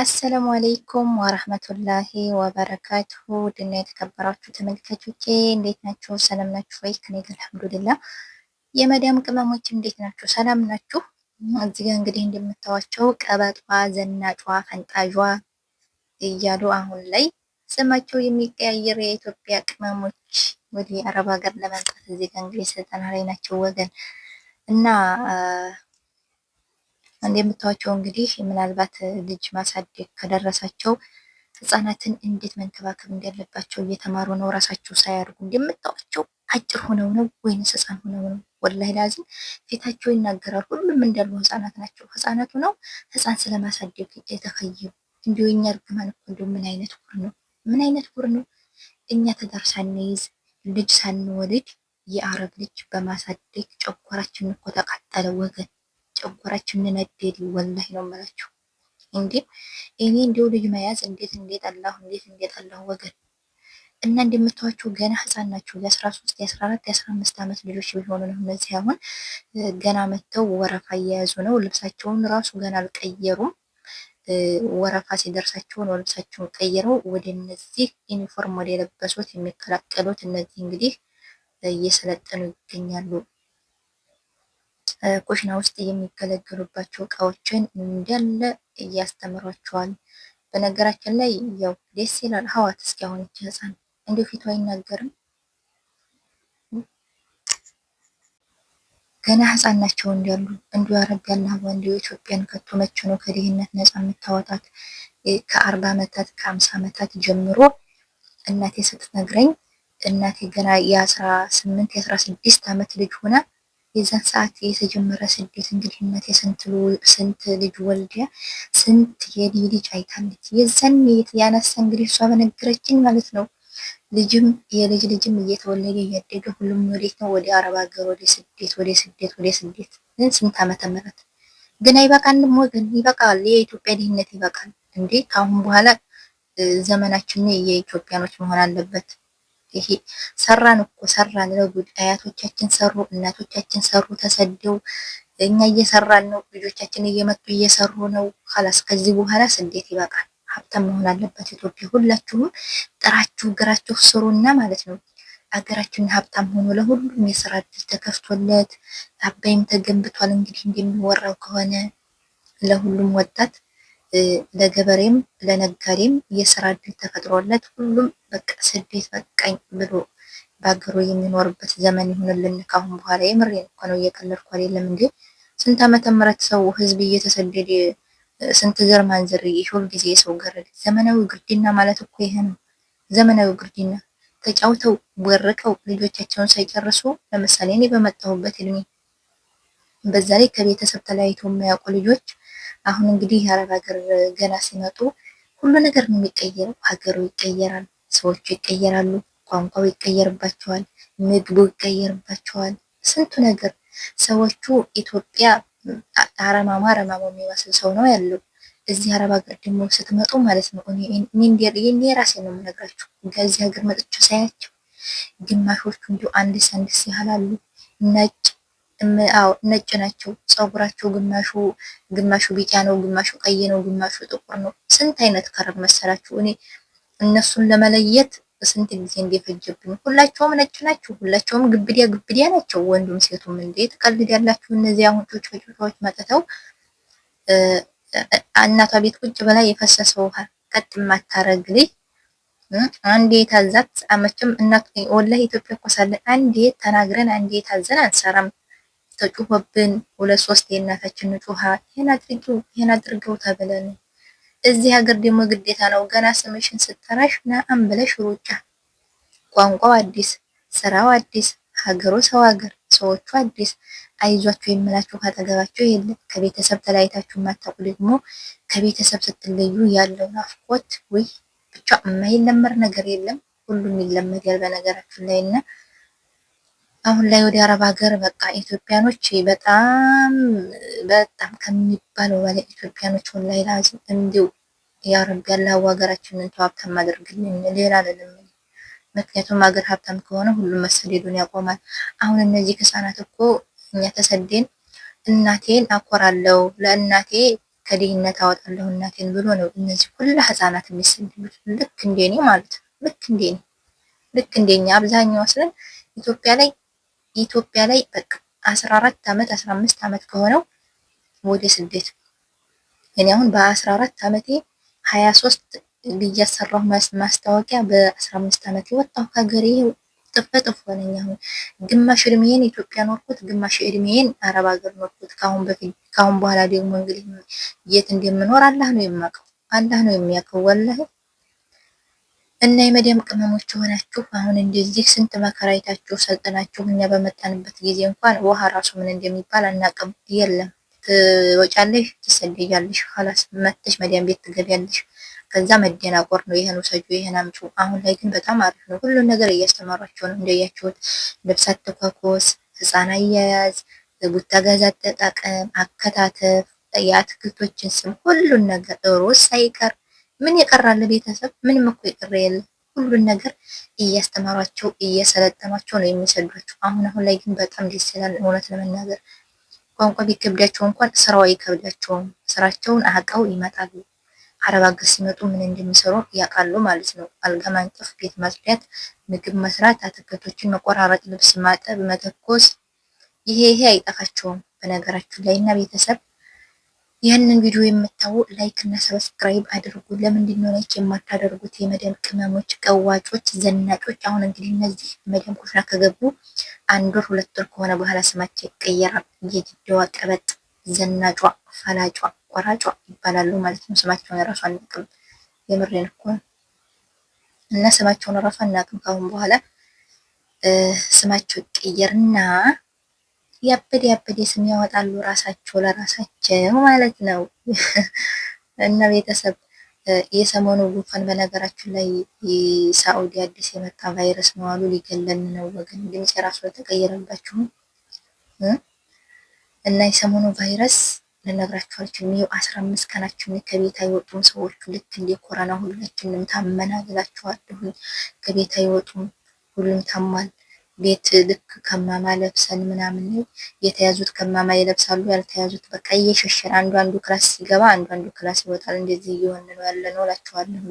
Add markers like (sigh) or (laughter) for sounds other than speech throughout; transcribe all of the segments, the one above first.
አሰላሙ አሌይኩም ወረህመቱላሂ ወበረካቱሁ ድና የተከበራችሁ ተመልካቾቼ እንዴት ናችሁ? ሰላም ናችሁ ወይ? ከኔ ጋር አልሐምዱሊላ። የመዳም ቅመሞች እንዴት ናችሁ? ሰላም ናችሁ? እዚህ ጋር እንግዲህ እንደምታዋቸው ቀበጧ፣ ዘናጯ፣ ፈንጣዧ እያሉ አሁን ላይ ስማቸው የሚቀያየር የኢትዮጵያ ቅመሞች ወደ አረብ ሀገር ለመምጣት እዚህ ጋር እንግዲህ ስልጠና ላይ ናቸው ወገን እና እንደምታዩቸው እንግዲህ ምናልባት ልጅ ማሳደግ ከደረሳቸው ህጻናትን እንዴት መንከባከብ እንዳለባቸው እየተማሩ ነው። ራሳቸው ሳያድጉ እንደምታዋቸው አጭር ሆነው ነው ወይንስ ህፃን ሆነው ነው? ወላሂ ላዚም ፊታቸው ይናገራል። ሁሉም እንዳሉ ህጻናት ናቸው። ህጻናቱ ነው ህፃን ስለማሳደግ የተከየሙ። እንዲሁ እኛ እርግማን እኮ እንዲሁ ምን አይነት ጉር ነው? ምን አይነት ጉር ነው? እኛ ትዳር ሳንይዝ ልጅ ሳንወልድ የአረብ ልጅ በማሳደግ ጨጓራችን እኮ ተቃጠለ ወገን። ጨጓራችን ነደድ። ወላሂ ነው የምላችሁ። እንዴ እኔ እንዲው ልጅ መያዝ እንዴት እንዴት አላሁ እንዴት እንዴት አላሁ ወገን እና እንደምታዋቸው ገና ህፃን ናቸው። የአስራ 13 14 አራት የአስራ አምስት ዓመት ልጆች ቢሆኑ ነው እነዚህ። አሁን ገና መጥተው ወረፋ እየያዙ ነው። ልብሳቸውን ራሱ ገና አልቀየሩም። ወረፋ ሲደርሳቸው ነው ልብሳቸውን ቀይረው ወደ እነዚህ ዩኒፎርም ወደ የለበሱት የሚቀላቀሉት። እነዚህ እንግዲህ እየሰለጠኑ ይገኛሉ። ኩሽና ውስጥ የሚገለገሉባቸው እቃዎችን እንዳለ ያስተምሯቸዋል። በነገራችን ላይ ያው ደስ ይላል። ሀዋት እስኪ አሁን ይቺ ህፃን እንዲሁ ፊቱ አይናገርም። ገና ህፃን ናቸው እንዳሉ እንዲሁ ያረጋና ወንድ ኢትዮጵያን ከቶ መቼ ነው ከድህነት ነፃ የምታወጣት? ከአርባ ዓመታት ከአምሳ ዓመታት ጀምሮ እናቴ ስትነግረኝ እናቴ ገና የአስራ ስምንት የአስራ ስድስት ዓመት ልጅ ሆና የዛን ሰዓት የተጀመረ ስደት እንግዲህ እናቴ ስንት ልጅ ወልዳ ስንት የኔ ልጅ አይታለች። የዛን ያነሳ እንግዲህ እሷ በነገረችኝ ማለት ነው። ልጅም የልጅ ልጅም እየተወለደ እያደገ ሁሉም ወዴት ነው? ወደ አረብ ሀገር፣ ወደ ስደት፣ ወደ ስደት፣ ወደ ስደት። ስንት ዓመተ ምህረት ግን አይበቃንም ወገን? ይበቃል። የኢትዮጵያ ድህነት ይበቃል እንዴ! ከአሁን በኋላ ዘመናችን የኢትዮጵያኖች መሆን አለበት። ይሄ ሰራን እኮ ሰራን፣ ለጉድ አያቶቻችን ሰሩ፣ እናቶቻችን ሰሩ፣ ተሰደው እኛ እየሰራን ነው። ልጆቻችን እየመጡ እየሰሩ ነው። ላስ ከዚህ በኋላ ስደት ይበቃል። ሀብታም መሆን አለበት ኢትዮጵያ። ሁላችሁም ጥራችሁ ግራችሁ ስሩና ማለት ነው አገራችን ሀብታም ሆኖ ለሁሉም የስራ እድል ተከፍቶለት አባይም ተገንብቷል። እንግዲህ እንደሚወራው ከሆነ ለሁሉም ወጣት ለገበሬም ለነጋዴም የስራ እድል ተፈጥሮለት ሁሉም በቃ ስደት በቃኝ ብሎ በአገሩ የሚኖርበት ዘመን ይሁንልን። ካሁን በኋላ የምር እኮ ነው፣ እየቀለድኩ አይደለም። እንዲ ስንት ዓመተ ምህረት ሰው ህዝብ እየተሰደደ ስንት ዘር ማንዘር ይሁል ጊዜ የሰው ገረድ። ዘመናዊ ግርድና ማለት እኮ ይሄ ነው። ዘመናዊ ግርድና ተጫውተው ወርቀው ልጆቻቸውን ሳይጨርሱ፣ ለምሳሌ እኔ በመጣሁበት እድሜ በዛ ላይ ከቤተሰብ ተለያይቶ የማያውቁ ልጆች አሁን እንግዲህ የአረብ ሀገር ገና ሲመጡ ሁሉ ነገር ነው የሚቀየረው። ሀገሩ ይቀየራል፣ ሰዎቹ ይቀየራሉ፣ ቋንቋው ይቀየርባቸዋል፣ ምግቡ ይቀየርባቸዋል፣ ስንቱ ነገር ሰዎቹ ኢትዮጵያ አረማማ አረማማ የሚመስል ሰው ነው ያለው። እዚህ አረብ ሀገር ደግሞ ስትመጡ ማለት ነው እኔ የራሴ ነው የምነግራችሁ። ከዚህ ሀገር መጥቼ ሳያቸው ግማሾቹ እንዲሁ አንድስ አንድስ ያህላሉ አሉ ነጭ አዎ ነጭ ናቸው። ፀጉራቸው ግማሹ ግማሹ ቢጫ ነው፣ ግማሹ ቀይ ነው፣ ግማሹ ጥቁር ነው። ስንት አይነት ከረብ መሰላችሁ? እኔ እነሱን ለመለየት ስንት ጊዜ እንደፈጀብኝ። ሁላቸውም ነጭ ናቸው። ሁላቸውም ግብዲያ ግብዲያ ናቸው። ወንዱም ሴቱም እንዴ ተቀልድ ያላችሁ እነዚህ አሁንቶች ጮች መጥተው እናቷ ቤት ቁጭ ብላ የፈሰሰ ውሃ ቀጥ ማታረግ ልጅ አንዴ የታዛት አመችም እናት ወላሂ ኢትዮጵያ እኮ ሳለን አንዴ ተናግረን አንዴ የታዘን አንሰራም። ተጩሆብን ሁለት ሶስት የእናታችን ጩሃ ይሄን አድርጊው ይሄን አድርገው ተብለን እዚህ ሀገር ደግሞ ግዴታ ነው። ገና ስምሽን ስተራሽ ናአም ብለሽ ሩጫ። ቋንቋው አዲስ፣ ስራው አዲስ፣ ሀገሩ ሰው ሀገር ሰዎቹ አዲስ። አይዟቸው የምላችሁ ካጠገባችሁ የለም። ከቤተሰብ ተለያይታችሁ ማታውቁ ደግሞ ከቤተሰብ ስትለዩ ያለው ናፍቆት ወይ ብቻ የማይለመር ነገር የለም። ሁሉም ይለመዳል በነገራችን ላይ እና አሁን ላይ ወደ አረብ ሀገር በቃ ኢትዮጵያኖች በጣም በጣም ከሚባለው በላይ ኢትዮጵያኖች ላይ ላዚም እንዲሁ የአረብ ያለው ሀገራችንን ሀብታም አድርግልን፣ ሌላ አይደለም። ምክንያቱም ሀገር ሀብታም ከሆነ ሁሉም መሰደዱን ያቆማል። አሁን እነዚህ ህጻናት እኮ እኛ ተሰደን እናቴን አኮራለሁ ለእናቴ ከድህነት አወጣለሁ እናቴን ብሎ ነው እነዚህ ሁላ ህጻናት የሚሰደዱት። ልክ እንደኔ ማለት ነው። ልክ እንደኔ ልክ እንደኛ አብዛኛው ስለን ኢትዮጵያ ላይ ኢትዮጵያ ላይ በቃ 14 ዓመት 15 ዓመት ከሆነው ወደ ስደት እኔ አሁን በ14 ዓመቴ 23 እያሰራሁ ማስታወቂያ በ15 ዓመት የወጣሁ ከሀገሬ ጥፍ ጥፍ ሆነኝ። አሁን ግማሽ እድሜዬን ኢትዮጵያ ኖርኩት፣ ግማሽ እድሜዬን አረብ ሀገር ኖርኩት። ካሁን በፊት ካሁን በኋላ ደግሞ እንግዲህ የት እንደምኖር አላህ ነው የማውቀው፣ አላህ ነው የሚያውቀው ወላሂ እና የመዲያም ቅመሞች የሆናችሁ አሁን እንደዚህ ስንት መከራ አይታችሁ ሰልጥናችሁ እኛ በመጣንበት ጊዜ እንኳን ውሃ ራሱ ምን እንደሚባል አናቅም። የለም ትወጫለሽ፣ ትሰደጃለሽ፣ ኋላስ መተሽ መዲያም ቤት ትገቢያለሽ። ከዛ መደናቆር ነው። ይሄን ውሰጁ፣ ይሄን አምጩ። አሁን ላይ ግን በጣም አሪፍ ነው። ሁሉን ነገር እያስተማሯቸው ነው። እንደያችሁት ልብሳት ተኳኮስ፣ ህፃን አያያዝ፣ ቡታ ጋዝ አጠቃቀም፣ አከታተፍ፣ የአትክልቶችን ስም ሁሉን ነገር ሮዝ ሳይቀር ምን የቀራል? ቤተሰብ ምንም እኮ የቀረ የለ። ሁሉን ነገር እያስተማሯቸው እየሰለጠኗቸው ነው የሚሰዷቸው። አሁን አሁን ላይ ግን በጣም ደስ ይላል፣ እውነት ለመናገር ቋንቋ ቢከብዳቸው እንኳን ስራው አይከብዳቸውም። ስራቸውን አቀው ይመጣሉ። አረብ አገር ሲመጡ ምን እንደሚሰሩ ያውቃሉ ማለት ነው። አልጋ ማንጠፍ፣ ቤት ማጽዳት፣ ምግብ መስራት፣ አትክልቶችን መቆራረጥ፣ ልብስ ማጠብ፣ መተኮስ፣ ይሄ ይሄ አይጠፋቸውም በነገራችን ላይ እና ቤተሰብ ይህንን ቪዲዮ የምታዩ ላይክ እና ሰብስክራይብ አድርጉ። ለምንድን ነው ላይክ የማታደርጉት? የመደም ቅመሞች፣ ቀዋጮች፣ ዘናጮች። አሁን እንግዲህ እነዚህ መደም ኩሽና ከገቡ አንድ ወር ሁለት ወር ከሆነ በኋላ ስማቸው ይቀየራል። የጅዳዋ ቀበጥ፣ ዘናጯ፣ ፈላጯ፣ ቆራጯ ይባላሉ ማለት ነው። ስማቸውን እራሱ አናውቅም። የምሬን እኮ ነው። እና ስማቸውን እራሱ አናቅም ከአሁን በኋላ ስማቸው ይቀየርና ያበደ ያበደ ስም ያወጣሉ ራሳቸው ለራሳቸው ማለት ነው። (laughs) እና ቤተሰብ የሰሞኑ ጉንፋን በነገራችሁ ላይ ሳኡዲ አዲስ የመጣ ቫይረስ ነው አሉ። ሊገለን ነው ወገን። ድምፅ የራሱ ተቀየረባችሁ። እና የሰሞኑ ቫይረስ ልነግራችሁ አልችልም። ይኸው አስራ አምስት ቀናችን ከቤት አይወጡም ሰዎቹ ልክ እንደ ኮረና ሁላችንም ታመናግላችኋለሁ። ከቤት አይወጡም፣ ሁሉም ታሟል። ቤት ልክ ከማማ ለብሰን ምናምን የተያዙት ከማማ ይለብሳሉ፣ ያልተያዙት በቃ እየሸሸን አንዱ አንዱ ክላስ ሲገባ አንዱ አንዱ ክላስ ይወጣል። እንደዚህ እየሆነ ነው ያለ ነው እላችኋለሁ።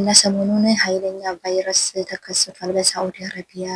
እና ሰሞኑን ኃይለኛ ቫይረስ ተከስቷል በሳዑዲ አረቢያ።